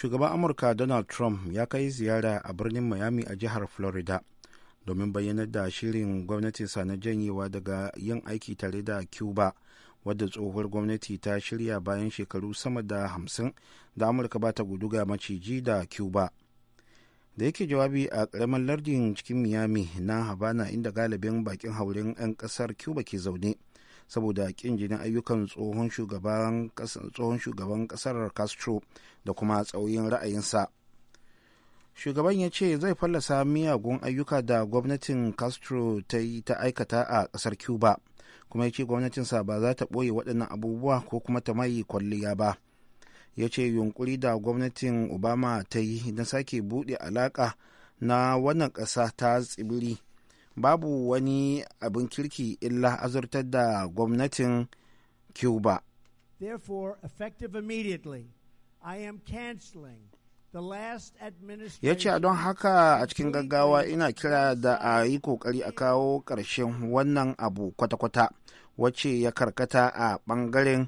shugaban amurka donald trump ya kai ziyara a birnin miami a jihar florida domin bayyanar da shirin gwamnatinsa na janyewa daga yin aiki tare da cuba wadda tsohuwar gwamnati ta shirya bayan shekaru sama da hamsin da amurka ba ta ga maciji da cuba da yake jawabi a ƙaramin lardin cikin miami na habana inda galibin bakin haurin 'yan ƙasar cuba ke zaune saboda kin jinin ayyukan tsohon shugaban tsohon shugaban kasar castro da kuma tsauyin ra'ayinsa shugaban ya ce zai fallasa miyagun ayyuka da gwamnatin castro ta yi ta aikata a kasar cuba kuma ya ce gwamnatinsa ba za ta ɓoye waɗannan abubuwa ko kuma ta mai kwalliya ba ya ce yunkuri da gwamnatin obama ta yi na sake buɗe alaƙa na wannan ƙasa ta tsibiri babu wani abin kirki illa azurtar da gwamnatin cuba therefore effective immediately i am canceling ya ce don haka a cikin gaggawa ina kira da a yi kokari a kawo ƙarshen wannan abu kwata-kwata wacce ya karkata a ɓangaren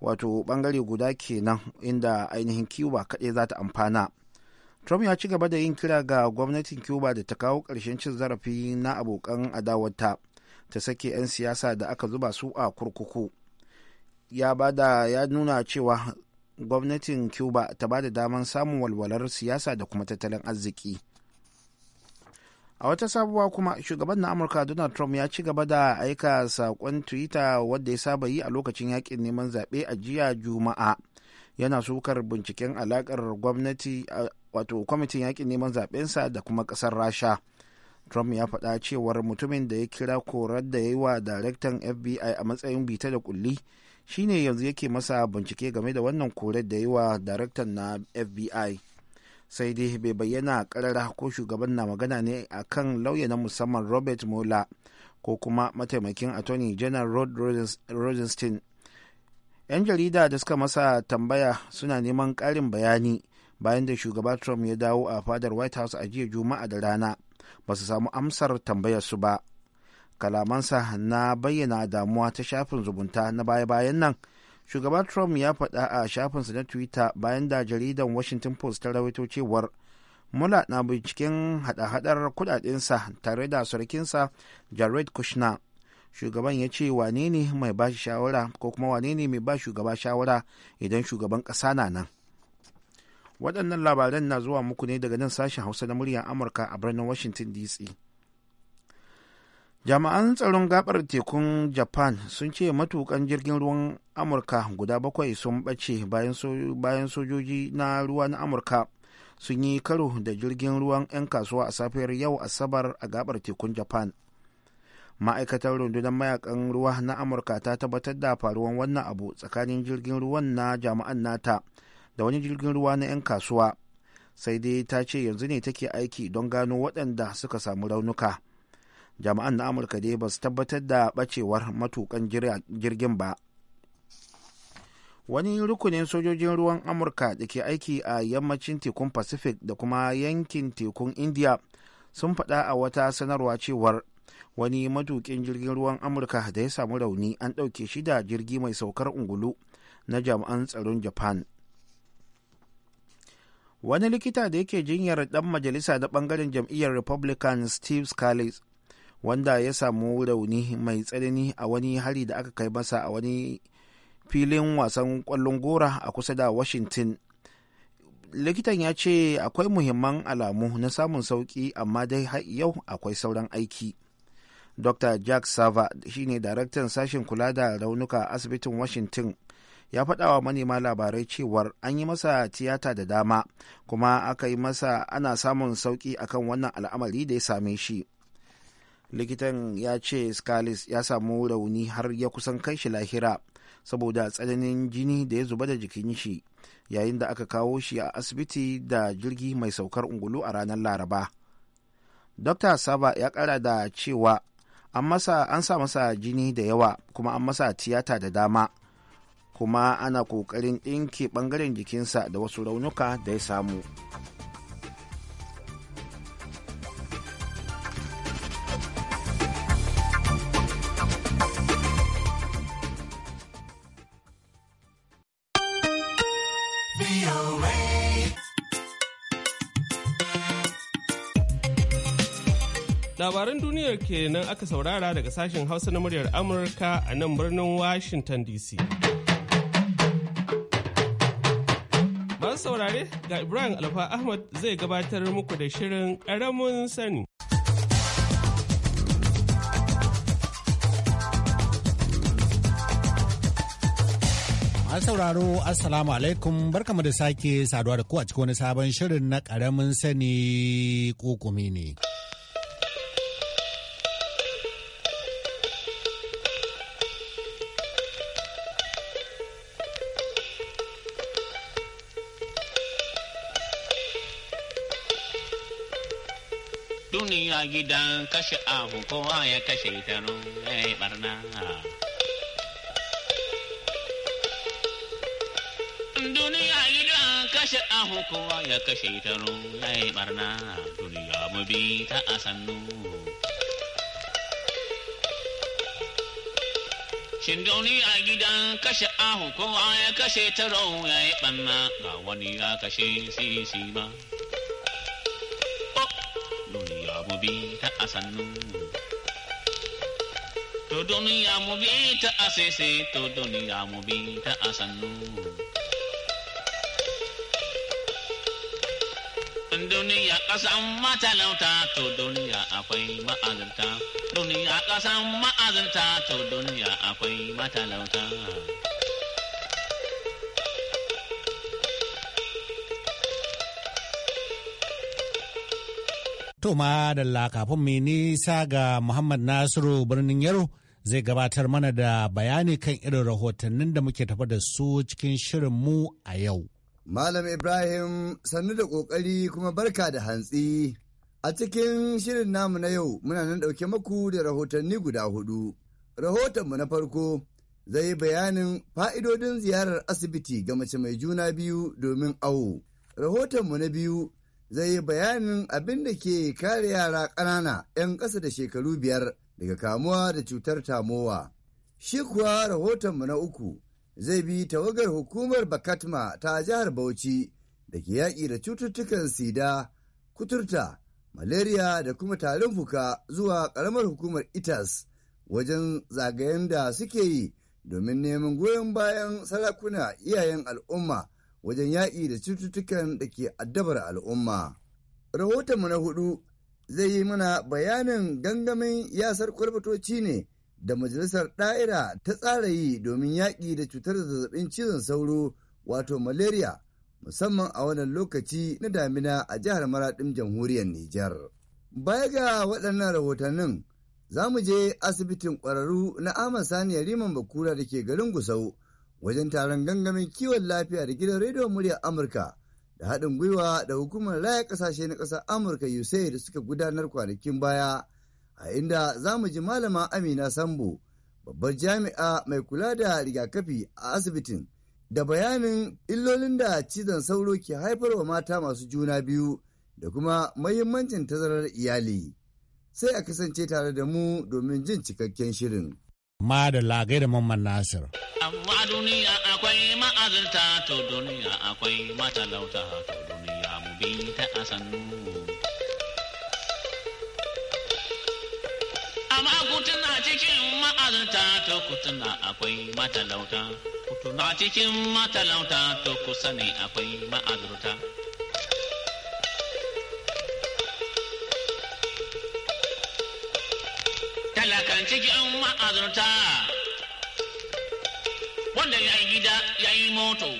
wato ɓangare guda kenan inda ainihin kiwa kaɗai za ta amfana Trump ya ci gaba da yin kira ga gwamnatin Cuba da ta kawo ƙarshen cin zarafi na abokan adawarta ta sake 'yan siyasa da aka zuba su a kurkuku. Ya bada ya nuna cewa gwamnatin Cuba ta ba da daman samun walwalar siyasa da kuma tattalin arziki. A wata sabuwa kuma shugaban na Amurka Donald Trump ya ci gaba da aika saƙon Twitter wadda ya saba yi a lokacin yakin neman zaɓe a jiya Juma'a. Yana sukar binciken alaƙar gwamnati wato kwamitin yakin neman zaɓensa da kuma ƙasar rasha trump ya faɗa cewar mutumin da ya kira korar da ya yi wa daraktan fbi a matsayin bita da kulli shine yanzu yake masa bincike game da wannan korar da ya yi wa daraktan na fbi sai dai bai bayyana karara ko shugaban na magana ne a kan lauya na musamman robert mueller ko kuma mataimakin attorney general rod rosenstein yan jarida da suka masa tambaya suna neman ƙarin bayani bayan da shugaba trump ya dawo a fadar white house a jiya juma'a da rana ba su samu amsar tambayarsu ba kalamansa na bayyana damuwa ta shafin zubunta na baya-bayan nan shugaba trump ya faɗa a shafinsa na twitter bayan da jaridan washington post ta rawaito cewar mula na binciken hada-hadar kudadensa tare da surukinsa jared kushner shugaban ya ce wane ne mai ba shi shawara ko kuma wane ne mai ba shugaba shawara idan shugaban ƙasa na nan waɗannan labaran na zuwa muku ne daga nan sashen hausa na muryar amurka a birnin washington dc jami'an tsaron gabar tekun japan sun ce matukan jirgin ruwan amurka guda bakwai sun ɓace bayan sojoji na ruwa na amurka sun yi karo da jirgin ruwan 'yan kasuwa a safiyar yau asabar a gabar tekun japan ma'aikatar rundunar mayakan ruwa na amurka ta tabbatar da faruwan wannan abu tsakanin jirgin ruwan na jama'an nata da wani jirgin ruwa na 'yan kasuwa sai dai ta ce yanzu ne take aiki don gano waɗanda suka samu raunuka jami'an na amurka dai ba su tabbatar da ɓacewar matukan jirgin ba wani rukunin sojojin ruwan amurka da ke aiki a yammacin tekun pacific da kuma yankin tekun india sun faɗa a wata sanarwa cewar wani matukin jirgin ruwan amurka da ya samu rauni an ɗauke shi da jirgi mai saukar ungulu na jami'an tsaron japan wani likita da yake jinyar dan majalisa na bangaren jam'iyyar republican steve scalise wanda ya samu rauni mai tsanani a wani hari da aka kai masa a wani filin wasan kwallon gora a kusa da washington likitan ya ce akwai muhimman alamu na samun sauki amma dai yau akwai sauran aiki dr jack sava shine daraktan sashen kula da raunuka a asibitin washington ya faɗa wa manema labarai cewar an yi masa tiyata da dama kuma aka yi masa ana samun sauƙi akan wannan al'amari da ya same shi likitan ya ce scalis ya samu rauni har ya kusan kai shi lahira saboda tsananin jini da ya zuba da jikin shi yayin da aka kawo shi a asibiti da jirgi mai saukar ungulu a ranar laraba dokta saba ya kara da cewa an an sa masa jini da yawa kuma an masa tiyata da dama kuma ana ƙoƙarin ɗinke ɓangaren jikinsa da wasu raunuka da ya samu. labaran duniyar kenan aka saurara daga sashen hausa na muryar amurka a nan birnin washington dc Masu saurare ga Ibrahim Alfa Ahmad zai gabatar muku da shirin ƙaramin sani. Masu sauraro Assalamu alaikum barkamu da sake saduwa da ku a cikin wani sabon shirin na ƙaramin sani kokumi ne. gidan kashe abu kowa ya kashe ta ya barna. Duniya gidan kashe abu kowa ya kashe ta ya barna. Duniya mu bi ta a sannu. Shin duniya gidan kashe ahu kowa ya kashe ta ya yi ɓanna ga wani ya kashe sisi ma. sannu to duniya mu bi ta asese to duniya mu bi ta asannu duniya kasan matalauta to duniya akwai ma'azinta duniya kasan ma'azinta to duniya akwai matalauta To madalla kafin mai nisa ga Muhammad Nasiru birnin Yaro zai gabatar mana da bayani kan irin rahotannin da muke tafa da su cikin shirin mu a yau. Malam Ibrahim sannu da ƙoƙari kuma barka da hantsi. A cikin shirin namu na yau muna nan ɗauke maku da rahotanni guda hudu. Rahotonmu na farko zai yi bayanin fa'idodin ziyarar asibiti ga mace mai juna biyu domin awo. Rahotonmu na biyu zai yi bayanin abin da ke kare yara ƙanana 'yan ƙasa da shekaru biyar daga kamuwa da cutar tamowa. Shi kuwa rahotonmu na uku zai bi tawagar hukumar Bakatma ta jihar Bauchi da ke yaƙi da cututtukan sida, kuturta, malaria da kuma tarin fuka zuwa ƙaramar hukumar ITAS wajen zagayen da suke yi domin neman goyon bayan sarakuna iyayen al'umma wajen yaƙi da cututtukan da ke addabar al'umma. Rahotonmu na hudu zai yi mana bayanin gangamin yasar kwalbatoci ne da majalisar ɗa'ira ta tsara yi domin yaƙi da cutar zazzabin cizon sauro wato malaria musamman a wannan lokaci na damina a jihar maraɗin jamhuriyar Nijar. Baya ga waɗannan rahotannin za mu je asibitin ƙwararru na Ahmad Sani Riman Bakura da ke garin Gusau wajen taron gangamin kiwon lafiya da gidan rediyon muryar Amurka da haɗin gwiwa da hukumar raya ƙasashe na ƙasar Amurka USAID da suka gudanar kwanakin baya a inda za mu ji malama Amina Sambo babbar jami'a mai kula da rigakafi a asibitin da bayanin illolin da cizon sauro ke haifarwa mata masu juna biyu da kuma mahimmancin tazarar iyali. Sai a kasance tare da mu domin jin cikakken shirin. ma da lagai da mamman nasir. Amma duniya akwai ma'azarta to duniya akwai matalauta to duniya mu bi ta asannu. Amma kutuna cikin ma'azarta to kutuna akwai matalauta. Kutuna cikin matalauta to kusa ne akwai ma'azurta. cikin ma'azurta wanda ya yi gida ya yi moto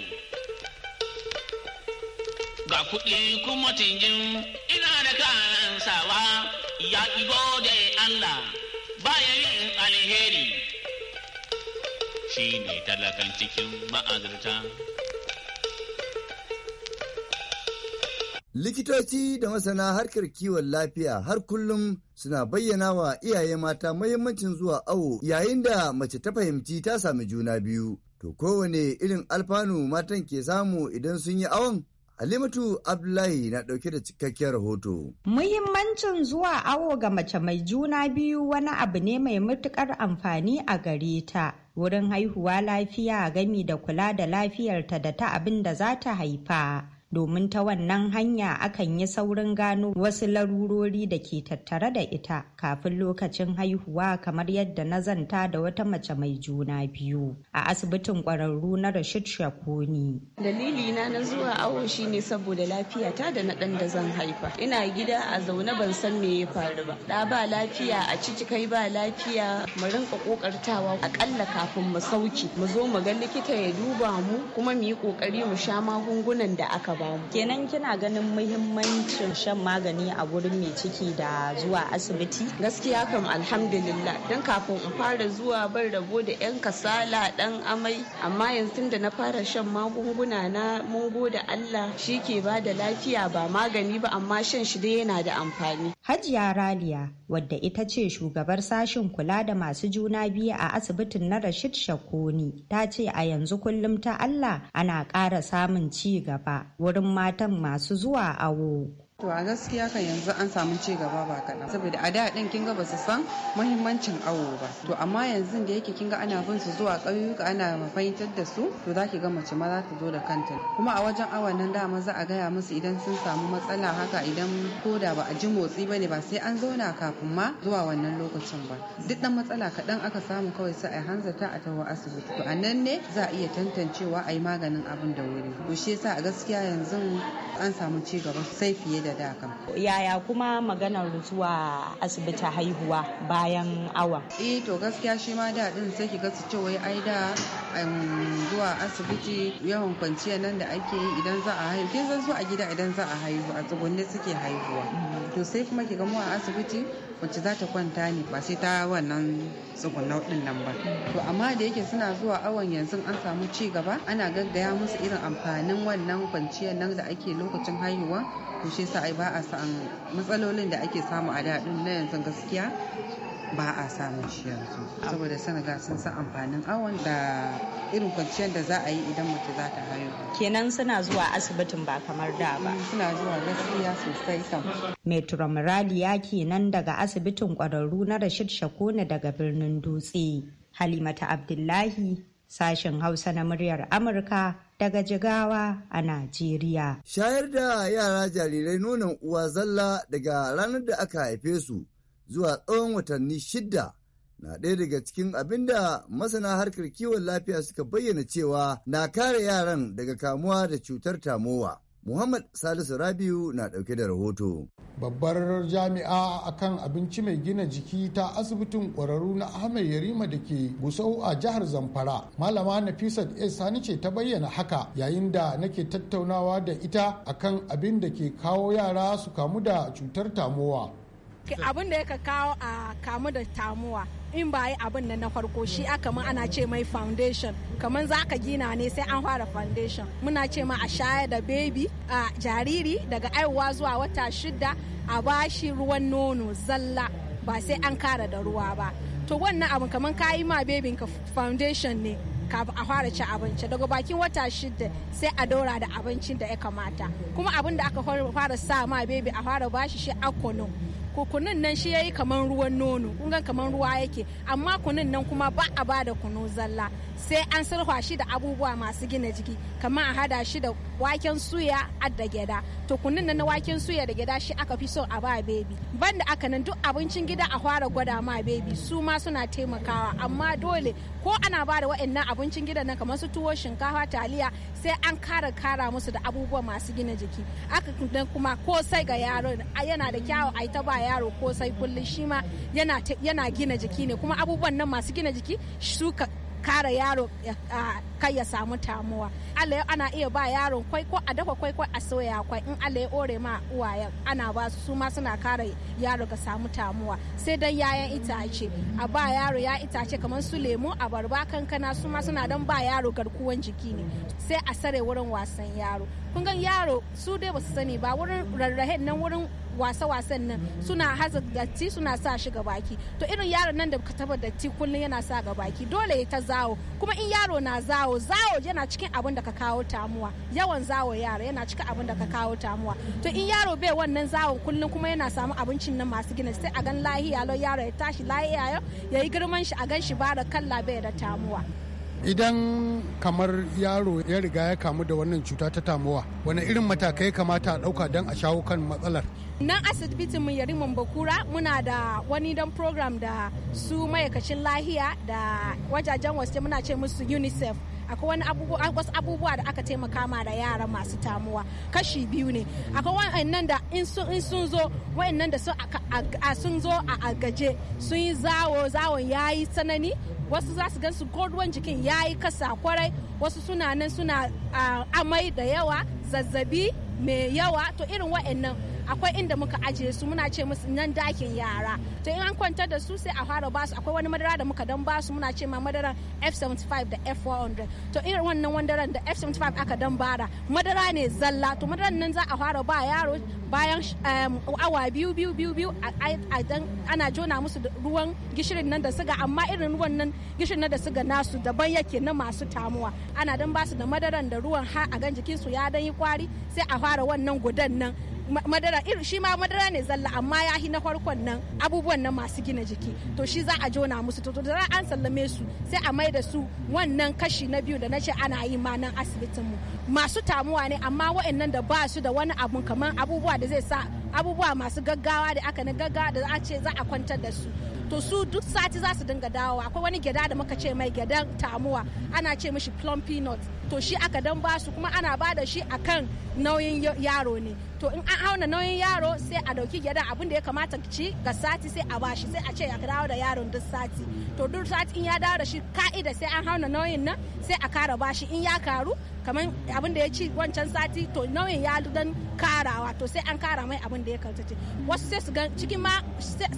ga kuɗi kuma tingin ina da kansawa, sawa ya ki gode Allah bayan yin alheri shi ne talakan cikin ma'azurta. Likitoci da masana harkar kiwon lafiya har kullum suna bayyana wa iyaye mata mahimmancin zuwa awo yayin da mace ta fahimci ta sami juna biyu. To kowane irin alfanu matan ke samu idan sun yi awon? Halimatu Abdullahi na ɗauke da cikakkiyar rahoto. Muhimmancin zuwa awo ga mace mai juna biyu wani abu ne mai matuƙar amfani a gare ta. Wurin haihuwa lafiya gami da kula da lafiyarta da ta abin da za ta haifa. domin ta wannan hanya akan yi saurin gano wasu larurori da ke tattare da ita kafin lokacin haihuwa kamar yadda na zanta da wata mace mai juna biyu a asibitin kwararru na Rashid Shakuni. Dalili na na zuwa awo shine saboda lafiyata da na ɗan da zan haifa. Ina gida a zaune ban san me ya faru ba. Da ba lafiya a ciki kai ba lafiya mu rinka kokartawa akalla kafin mu sauki mu zo mu ga likita ya duba mu kuma mu yi kokari mu sha magungunan da aka ba. bamu kenan kina ganin muhimmancin shan magani a gurin mai ciki da zuwa asibiti gaskiya kam alhamdulillah Don kafin in fara zuwa ban rabo da yan kasala dan amai amma yanzu da na fara shan magunguna na mun gode Allah shi ke ba da lafiya ba magani ba amma shan shi dai yana da amfani hajiya raliya wadda ita ce shugabar sashin kula da masu juna biyu a asibitin na Rashid Shakoni ta ce a yanzu kullum ta Allah ana ƙara samun ci gaba wurin matan masu zuwa awo. To a gaskiya kan yanzu an samu ci gaba ba kaɗan saboda a da ɗin kinga ba su san muhimmancin awo ba to amma yanzu da yake kinga ana bin su zuwa ƙauyuka ana fahimtar da su to za ki ga mace ma za ta zo da kanta kuma a wajen awon nan dama za a gaya musu idan sun samu matsala haka idan ko da ba a ji motsi ba ne ba sai an zauna kafin ma zuwa wannan lokacin ba duk ɗan matsala kaɗan aka samu kawai sai a hanzarta a tawo asibiti to a nan ne za a iya tantancewa a yi maganin abin da wuri to shi yasa a gaskiya yanzu an samu ci gaba sai fiye da da kam yaya kuma maganar zuwa asibiti haihuwa bayan awa eh to gaskiya shi ma da din sai ki ga su ce wai ai da um, zuwa asibiti yawan kwanciya nan da ake yi idan za a haihu kin san su a gida idan za a haihu a tsugunne suke haihuwa mm-hmm. to sai kuma ki ga mu a asibiti wacce za ta kwanta ne ba sai ta wannan tsugunau din nan ba mm-hmm. to amma da yake suna zuwa awon yanzu an samu ci gaba ana gaggaya musu irin amfanin wannan kwanciyar nan da ake lokacin haihuwa to shi sa ai ba a san matsalolin da ake samu a daɗin na yanzu gaskiya ba a samun shi yanzu saboda sanaga sun san amfanin awon da irin kwanciyar da za a yi idan mace za ta hayo kenan suna zuwa asibitin ba kamar da ba mm, suna zuwa gaskiya sosai kam metro ya kenan daga asibitin kwararru na rashid shakona daga birnin dutse halimata abdullahi sashen hausa na muryar amurka daga Jigawa a Najeriya. Shayar da yara jarirai nonon uwa zalla daga ranar da aka haife su zuwa tsawon watanni shidda na ɗaya daga cikin abin da masana harkar kiwon lafiya suka bayyana cewa na kare yaran daga kamuwa da cutar tamowa. Muhammad Salisu Rabiu na ɗauke da rahoto. Babbar jami'a akan abinci mai gina jiki ta asibitin ƙwararru na Ahmed Yarima da ke Gusau a jihar Zamfara. Malama Nafisat s Sani ce ta bayyana haka yayin da nake tattaunawa da ita akan abin da ke kawo yara su kamu da cutar tamowa. abin da yaka kawo a kamu da tamuwa in ba yi abin da na farko shi aka ma ana ce mai foundation kamar za ka gina ne sai an fara foundation muna ce ma a shayar da baby a jariri daga aiwa zuwa wata shida a bashi ruwan nono zalla ba sai an kara da ruwa ba to wannan abu kamar ka yi ma ka foundation ne a fara ci abinci daga bakin wata shida sai a daura da abincin da ya kamata kuma abin da aka fara sa ma bebi a fara bashi shi akono ko kunun nan shi yayi kaman ruwan nono kun ga kaman ruwa yake amma kunun nan kuma ba a ba da kunu zalla sai an sarfa shi da abubuwa masu gina jiki kamar a hada shi da waken suya a da gyada to kunnin na waken suya da gyada shi aka fi so a ba bebi banda aka nan duk abincin gida a fara gwada ma bebi su ma suna taimakawa amma dole ko ana ba da wa'annan abincin gida nan kamar su tuwo shinkafa taliya sai an kara kara musu da abubuwa masu gina jiki aka kuma ko sai ga yaro yana da kyawu a ta ba yaro ko sai kullum shi ma yana gina jiki ne kuma abubuwan nan masu gina jiki su kare yaro kai ya samu tamuwa ala ana iya ba yaron kwai ko a dafa kwai kwai a soya kwai in ala ya ore ma uwayen ana ba su ma suna kare yaro ga samu tamuwa sai dai yayan itace a ba yaro ya itace kamar su lemu abarba kankana su ma suna dan ba yaro garkuwan jiki ne sai a sare wurin wasan yaro kun ga yaro su dai ba su sani ba wurin rarrahen nan wurin wasa-wasan nan suna haza datti suna sa shi ga baki to irin yaron nan da ka taba datti kullum yana sa ga baki dole ya ta zawo kuma in yaro na zawo zawo yana cikin abin da ka kawo tamuwa yawan zawo yara yana cikin abin da ka kawo tamuwa to in yaro bai wannan zawon kullum kuma yana samu abincin nan masu gina sai a gan lahiya lo yaro ya tashi lahiya ya yayi girman shi a gan shi ba da kalla bai da tamuwa idan kamar yaro ya riga ya kamu da wannan cuta ta tamuwa wani irin matakai kamata a ɗauka don a shawo kan matsalar nan asibitin mu yariman bakura muna da wani dan program da su ma'aikacin lahiya da wajajen wasu muna ce musu unicef akwai wani wasu abubuwa da aka taimaka ma da yara masu tamuwa kashi biyu ne akwai wa'annan da in sun zo wa'annan da sun zo a agaje sun yi zawo zawon ya yi tsanani wasu za su gansu su jikin ya yi kasa kwarai wasu suna nan suna amai da yawa zazzabi mai yawa to irin wa'annan akwai inda muka ajiye su muna ce musu nan dakin yara to in an kwantar da su sai a fara ba su akwai wani madara da muka dan ba su muna ce ma madara F75 da F400 to irin wannan wandaran da F75 aka dan bara madara ne zalla to madaran nan za a fara ba yaro bayan um, awa biyu biyu biyu biyu a ana jona musu ruwan gishirin nan da suga amma irin ruwan nan gishirin nan da suga nasu daban yake na masu tamuwa ana dan ba su da madaran da ruwan har a gan jikinsu ya dan yi kwari sai a fara wannan gudan nan madara shi ma madara ne zalla amma ya hi na farkon nan abubuwan nan masu gina jiki to shi za a jona musu to da an sallame su sai a mai da su wannan kashi na biyu da na ce ana yi ma nan asibitin mu masu tamuwa ne amma waɗannan da ba su da wani abu kamar abubuwa da zai sa abubuwa masu gaggawa da aka na gaggawa da za a ce za a kwantar da su to su duk sati za su dinga dawowa akwai wani gyada da muka ce mai gyadan tamuwa ana ce mishi plum peanut to shi aka dan ba su kuma ana ba da shi akan nauyin yaro ne to in an auna nauyin yaro sai a dauki gyada abin da ya kamata ci ga sati sai a bashi sai a ce ya dawo da yaron duk sati to duk sati in ya dawo da shi ka'ida sai an auna nauyin nan sai a kara bashi in ya karu kamar abin da ya ci wancan sati to nauyin ya dan karawa to sai an kara mai abin da ya kanta ce wasu sai su ga cikin ma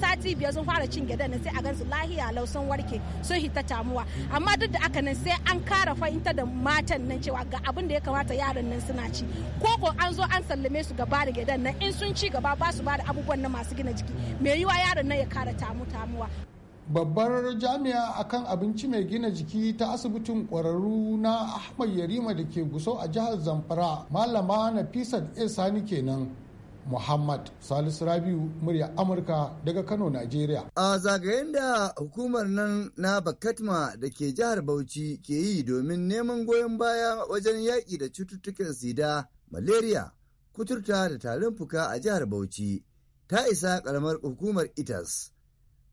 sati biyar sun fara cin gyadan sai a gansu lahiya lau sun warke sun hita tamuwa amma duk da aka nan sai an kara fahimta da matan nan cewa ga abin da ya kamata yaran nan suna ci ko ko an zo an sallame su gaba da gyadan nan in sun ci gaba ba su ba da abubuwan na masu gina jiki mai yiwa yaron nan ya kara tamu tamuwa babbar jami'a akan abinci mai gina jiki ta asibitin kwararru na ahmad yarima da ke guso a jihar zamfara malama nafisat a sani kenan muhammad salisu rabiu murya amurka daga kano nigeria a zagayen da hukumar nan na bakatma da ke jihar bauchi ke yi domin neman goyon baya wajen yaƙi da cututtukan sida malaria kuturta da tarin fuka a jihar bauchi ta isa ƙaramar hukumar itas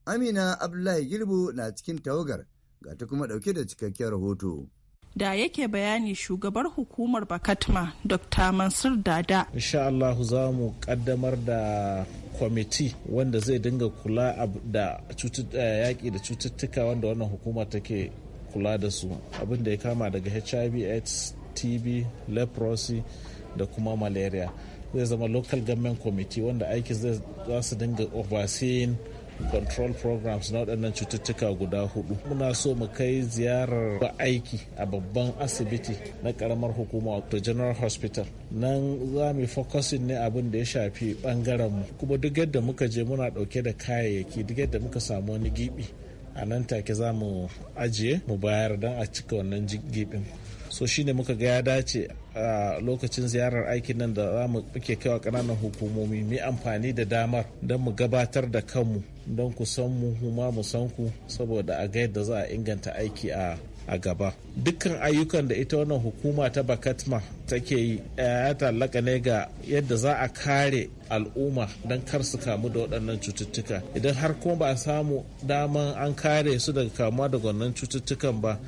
Amina Abdullahi Girbu na cikin tawagar ga ta kuma ɗauke da cikakken rahoto. da yake bayani shugabar hukumar bakatma dr mansur dada insha Allah za mu kaddamar da kwamiti wanda zai dinga kula da eh, yaƙi da cututtuka wanda wannan hukumar take kula da su abin da ya kama daga hiv aids tb leprosy da kuma malaria zai zama local government committee wanda aiki za su dinga overseeing control programs na waɗannan cututtuka guda hudu muna so mu kai ziyarar aiki a babban asibiti na karamar hukuma wato general hospital nan za mu focusing ne abin da ya shafi bangaren mu kuma duk yadda muka je muna ɗauke da kayayyaki duk yadda muka samu wani gibi a nan take za mu ajiye mu bayar don a cika wannan gibin so ne muka ga ya dace a lokacin ziyarar aikin nan da za mu kai kaiwa kananan hukumomi mu amfani da damar don mu gabatar da kanmu don ku san mu ma mu san ku saboda a ga yadda za a inganta aiki a a gaba dukkan ayyukan da ita wannan hukuma ta bakatma take yi eh, ya tallaka ne ga yadda za a kare al'umma don kar su kamu da waɗannan cututtuka idan har kuma ba a samu daman an kare su daga kamuwa da wannan cututtukan ba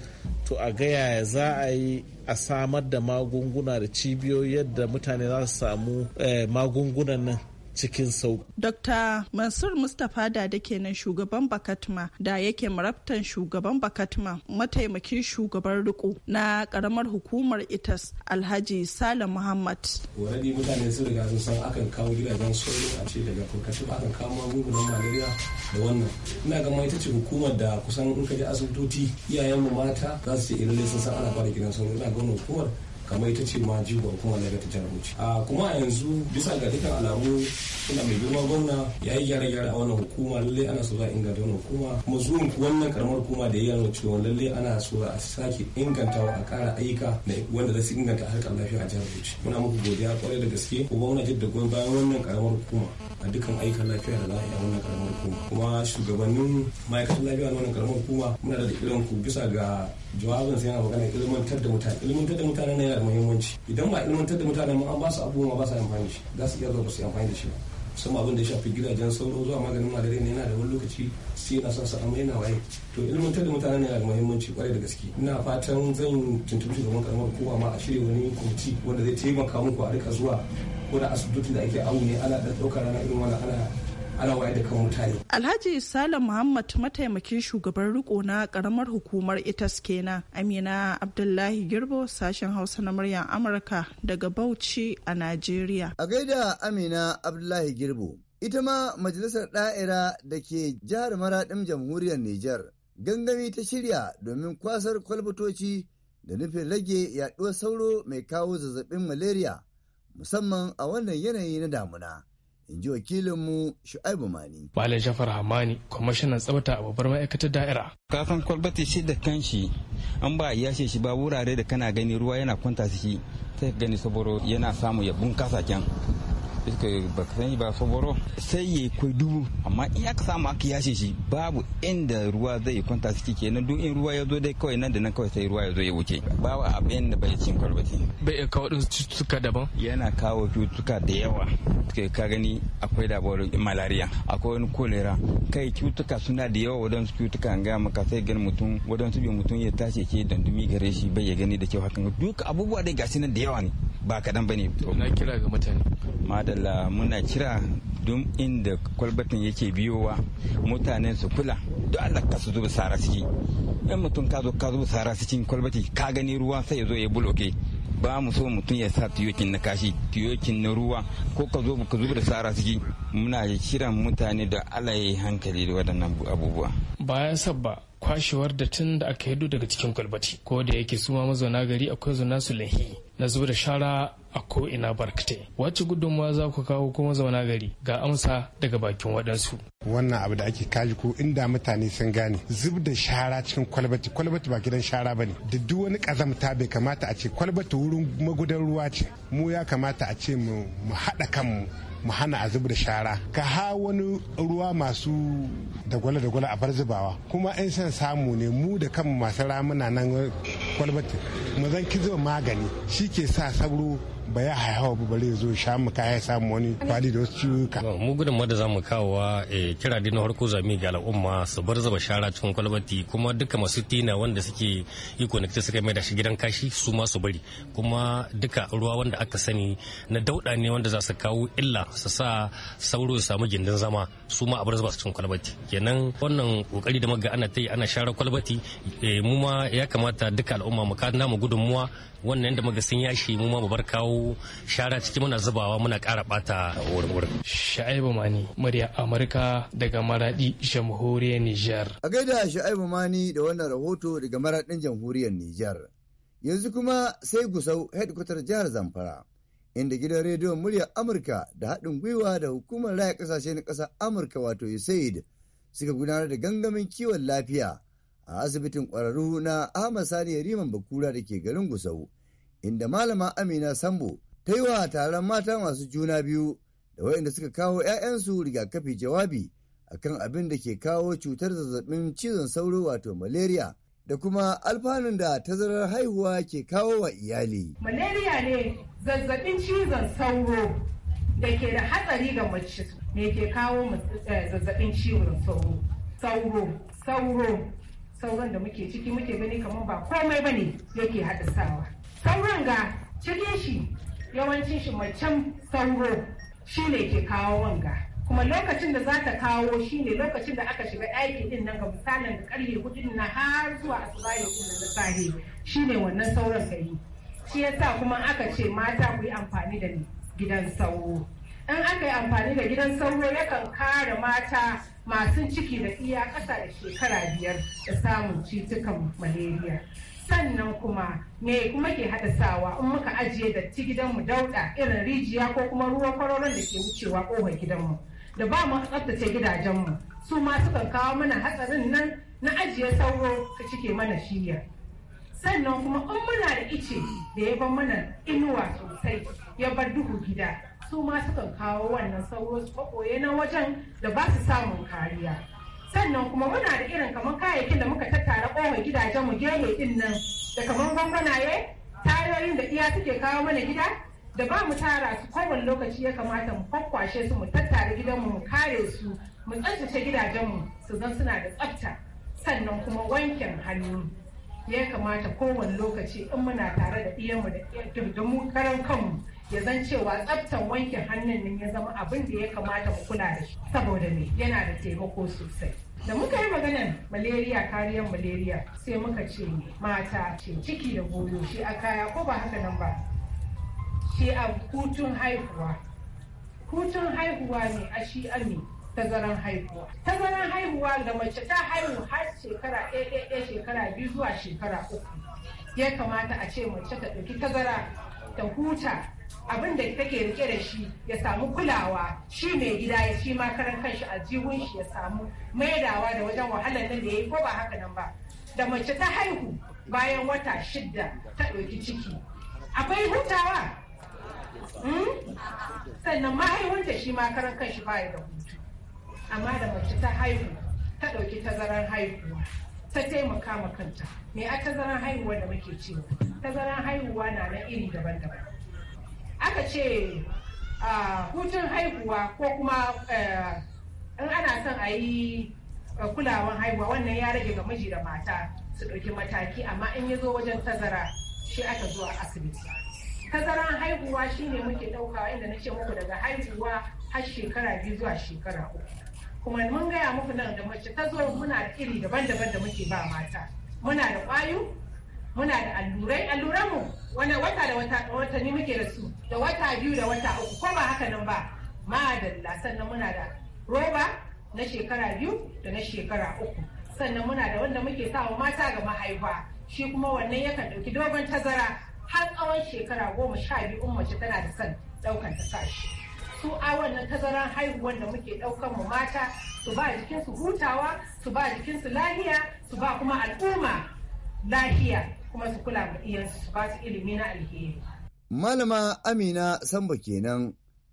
to a ga yaya za a yi a samar da magunguna da cibiyoyi yadda mutane za su samu eh, magungunan nan cikin sau. dokta Mansur Mustapha da da nan shugaban Bakatma da yake marabtan shugaban Bakatma mataimakin shugaban riko na karamar hukumar ITAS Alhaji Salim Muhammad. Wani mutane sun riga sun san akan kawo gidajen sauro a ce daga Bakatma akan kawo magungunan malaria da wannan. Ina ga ita ce hukumar da kusan in ka asibitoci iyayen mu mata za su ce eh, irin sun san ana fara gidan sauro. Ina ga wannan hukumar kamar ita ce ma jigon kuma na ta jihar bauchi a kuma yanzu bisa ga dukkan alamu suna mai girma gwamna ya yi gyara gyara a wannan hukuma lalle ana so za a inganta wannan hukuma kuma zuwan wannan karamar hukuma da ya yi cewa lalle ana so za a sake ingantawa a kara ayyuka wanda za su inganta harkar lafiya a jihar bauchi muna muku godiya kwarai da gaske kuma muna jin da goyon bayan wannan karamar hukuma a dukkan ayyukan lafiya da za a yi a wannan karamar hukuma kuma shugabannin ma'aikatan lafiya na wannan karamar hukuma muna da irin ku bisa ga jawabin sai yana magana ilmantar da mutane ilmantar da mutane na da muhimmanci idan ba ilmantar da mutane an ba su abubuwa ba su amfani shi za su iya zuwa ba su amfani da shi ba musamman abin da ya shafi gidajen sauro zuwa maganin madare ne yana da wani lokaci sai yana son amma yana waye to ilmantar da mutane ne da muhimmanci kwarai da gaske ina fatan zan tuntubi shugaban karamar kowa ma a shirya wani kwamiti wanda zai taimaka muku a rika zuwa ko da da ake awu ne ana ɗaukar rana irin wani ana da kan ne. Alhaji Salim Muhammad mataimakin shugaban riko na karamar hukumar ITAS kenan Amina Abdullahi Girbo sashen Hausa na muryar Amurka daga Bauchi a Najeriya. A gaida Amina Abdullahi Girbo. Ita ma majalisar da'ira da ke jihar Maraɗin jamhuriyar Nijar gangami ta shirya domin kwasar kwalbatoci da nufin rage yaɗuwar sauro mai kawo zazzabin malaria musamman a wannan yanayi na damuna. in ji wakilinmu shu'aibu mani. Malam Jafar Hamani, kwamishinan tsafta a babbar ma'aikatar da'ira. Kafin kwalbati shi da kanshi an ba ya shi ba wurare da kana gani ruwa yana kwanta shi sai gani saboda yana samu ya bunkasa can. iska ba ka sani ba boro. sai ya kai dubu amma in aka samu aka yashe shi babu inda ruwa zai kwanta ciki kenan duk in ruwa ya zo dai kawai nan da nan kawai sai ruwa ya zo ya wuce babu abin da bai cin ce bai kawo din cututtuka daban yana kawo cututtuka da yawa ka gani akwai dabar malaria akwai wani kolera kai cututtuka suna da yawa wadansu cututtuka an gaya maka sai gani mutum wadansu bi mutum ya tashi ke dandumi gare shi bai ya gani da kyau hakan duk abubuwa dai gashi nan da yawa ne ba kaɗan ba ne. Na kira ga mutane. Madalla muna kira duk inda kwalbatin yake biyowa mutanen su kula duk Allah ka su zuba sara ciki. Yan mutum ka zo ka zuba sara cikin kwalbati ka gani ruwa sai ya zo ya buloke. ba mu so mutum ya sa tiyokin na kashi tiyokin na ruwa ko ka zo ka zuba da sara ciki muna kiran mutane da Allah ya yi hankali da waɗannan abubuwa. Bayan sabba kwashewar da tun da aka yi daga cikin kwalbati ko da yake suma mazauna gari akwai zuna su lahi na zuba da shara a ko'ina barkatai wacce gudunmawa za ku kawo kuma zauna gari ga amsa daga bakin waɗansu wannan abu da ake kaji ko inda mutane sun gane zub da shara cikin kwalbati kwalbati ba gidan shara ba ne da duk wani kazamta bai kamata a ce kwalbati wurin magudan ruwa ce mu ya kamata a ce mu haɗa kanmu mu hana a zubar shara ka ha wani ruwa masu dagwale-dagwale a bar zubawa kuma in san samu ne mu da kanmu masu ramuna nan kwalbatin mu zan kizo magani shi ke sa sauro ba ya haihawa ba bare zo sha mu kaya samu wani fadi da wasu ciwuka. mu gudun da za mu kawowa eh, kira dai na harko zami ga al'umma su bar zuba shara cikin kwalbati kuma duka masu tina wanda suke yi connected suka mai da shi gidan kashi su ma su bari kuma duka ruwa wanda aka sani na dauda ne wanda za su kawo illa su sa sauro su samu gindin zama su ma a bar zuba cikin kwalbati kenan wannan kokari da maga ana ta yi ana share kwalbati eh, mu ma ya kamata duka al'umma mu ka gudun muwa wannan da maga sun yashi mu ma mu bar kawo kawo shara ciki muna zubawa muna ƙara ɓata wurin wurin. Mani murya Amurka daga Maraɗi jamhuriyar Nijar. A gaida Sha'aibu Mani da wannan rahoto daga Maraɗin jamhuriyar Nijar. Yanzu kuma sai Gusau hedkwatar jihar Zamfara. Inda gidan rediyon Murya Amurka da haɗin gwiwa da hukumar raya ƙasashe na ƙasar Amurka wato USAID suka gudanar da gangamin kiwon lafiya a asibitin ƙwararru na Ahmad Sani Riman Bakura da ke garin Gusau inda malama Amina Sambo ta yi wa taron mata masu juna biyu da waɗanda suka kawo 'ya'yansu rigakafi jawabi akan abin da ke kawo cutar zazzabin cizon sauro wato malaria da kuma alfanun da tazarar haihuwa ke kawo wa iyali. Malaria ne zazzabin cizon sauro da ke da hatsari ga mace me ke kawo eh, zazzabin cizon sauro. Sauro, sauro, sauron da muke ciki muke gani kamar ba komai bane yake haɗa sawa. sauran ga cikin shi yawancin shi macen sauro shi ne ke kawo wanga kuma lokacin da za ta kawo shi ne lokacin da aka shiga ɗaki ɗin nan ga misalin da karye kudin na har zuwa asuba ya kuma na sahe shi ne wannan sauran gari shi yasa kuma aka ce mata ku yi amfani da gidan sauro in aka yi amfani da gidan sauro yakan kare mata masu ciki da iya ƙasa da shekara biyar da samun cutukan malaria sannan kuma me kuma ke sawa in muka ajiye datti gidanmu dauda irin rijiya ko kuma ruwan kwaroron da ke wucewa ƙofar gidanmu da ba mu tsaftace gidajenmu su ma sukan kawo mana hatsarin nan na ajiye sauro ka cike mana shiya sannan kuma in muna da ice da ya bar mana inuwa sosai ya bar duhu gida su ma sukan kawo wannan sauro su na wajen da ba su samun kariya sannan kuma muna da irin kamar kayayyakin da muka tattara ƙoma gidajenmu mu gele nan da kamar gwangwanaye tayoyin da iya suke kawo mana gida da ba mu tara su kowane lokaci ya kamata mu kwakwashe su mu tattara gidanmu mu kare su mu tsaftace gidajenmu su zan suna da tsafta sannan kuma wankin hannu ya kamata kowane lokaci in muna tare da iyanmu da mu karan kanmu ya zan cewa tsaftan wanke hannun nan ya zama abin da ya kamata mu kula da shi saboda me yana da taimako sosai da muka yi maganar malaria kariyar malaria sai muka ce mata ce ciki da goyo shi a kaya ko ba haka nan ba shi a hutun haihuwa hutun haihuwa ne a shi ne tazaran haihuwa tazaran haihuwa da mace ta haihu har shekara ɗaya shekara biyu zuwa shekara uku ya kamata a ce mace ta ɗauki tazara ta huta abin da take rike da shi ya samu kulawa shi mai gida ya shi ma karan kanshi a jihun shi ya samu maidawa da wajen wahalar nan da ya yi ko ba haka nan ba da mace ta haihu bayan wata shidda ta ɗauki ciki akwai hutawa hmm? sannan mahaihunta shi ma karan kanshi ya da hutu amma da mace ta haihu ta ɗauki tazaran haihuwa ta taimaka ma kanta me a tazaran haihuwa da muke cewa tazaran haihuwa na na iri daban-daban aka ce hutun haihuwa ko kuma in ana son a yi kulawan haihuwa wannan ya rage ga miji da mata su ɗauki mataki amma in ya zo wajen tazara shi aka zuwa asibiti tazaran haihuwa shine muke ɗaukawa inda na ce muku daga haihuwa har shekara biyu zuwa shekara uku kuma mun gaya muku nan da mace ta zo muna iri daban-daban da muke ba mata muna da ƙwayo muna da allurai alluran mu wani wata da wata watanni muke da su da wata biyu da wata uku ko ba haka nan ba madalla sannan muna da roba na shekara biyu da na shekara uku sannan muna da wanda muke sawa mata ga mahaifa shi kuma wannan yakan ɗauki dogon tazara har tsawon shekara goma sha biyu in mace tana da son ɗaukan ta sashi su a wannan tazaran haihuwan da muke ɗaukan mu mata su ba jikinsu hutawa su ba jikinsu lahiya su ba kuma al'umma lahiya kuma su kula da iyansu su ba su ilimi alheri. Malama Amina Samba kenan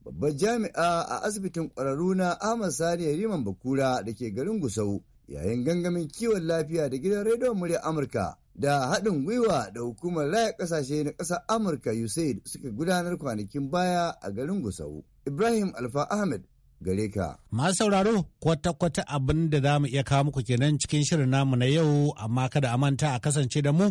babbar jami'a a asibitin ƙwararru na Ahmad Sani Riman Bakura da ke garin Gusau yayin gangamin kiwon lafiya da gidan rediyon murya Amurka da haɗin gwiwa da hukumar raya ƙasashe na ƙasar Amurka USAID suka gudanar kwanakin baya a garin Gusau. Ibrahim Alfa Ahmed gare ka. Masu sauraro kwata-kwata abin da za mu iya kawo muku kenan cikin shirin namu na yau amma kada a manta a kasance da mu